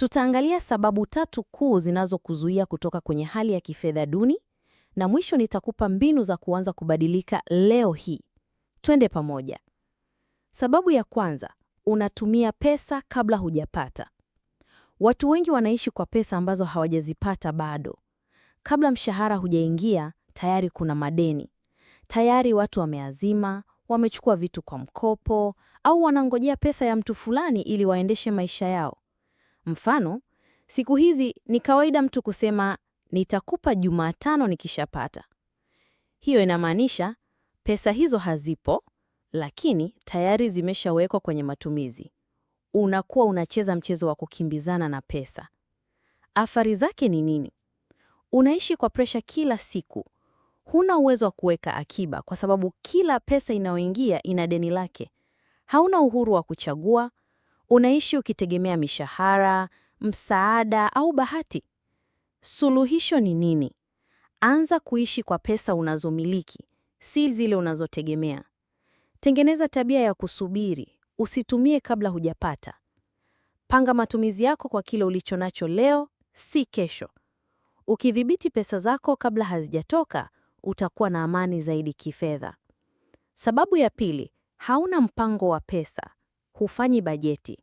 Tutaangalia sababu tatu kuu zinazokuzuia kutoka kwenye hali ya kifedha duni, na mwisho nitakupa mbinu za kuanza kubadilika leo hii. Twende pamoja. Sababu ya kwanza, unatumia pesa kabla hujapata. Watu wengi wanaishi kwa pesa ambazo hawajazipata bado. Kabla mshahara hujaingia, tayari kuna madeni. Tayari watu wameazima, wamechukua vitu kwa mkopo, au wanangojea pesa ya mtu fulani ili waendeshe maisha yao. Mfano, siku hizi ni kawaida mtu kusema nitakupa Jumatano nikishapata. Hiyo inamaanisha pesa hizo hazipo, lakini tayari zimeshawekwa kwenye matumizi. Unakuwa unacheza mchezo wa kukimbizana na pesa. Athari zake ni nini? Unaishi kwa presha kila siku. Huna uwezo wa kuweka akiba kwa sababu kila pesa inayoingia ina deni lake. Hauna uhuru wa kuchagua, Unaishi ukitegemea mishahara, msaada au bahati. Suluhisho ni nini? Anza kuishi kwa pesa unazomiliki, si zile unazotegemea. Tengeneza tabia ya kusubiri, usitumie kabla hujapata. Panga matumizi yako kwa kile ulicho nacho leo, si kesho. Ukidhibiti pesa zako kabla hazijatoka, utakuwa na amani zaidi kifedha. Sababu ya pili, hauna mpango wa pesa, hufanyi bajeti.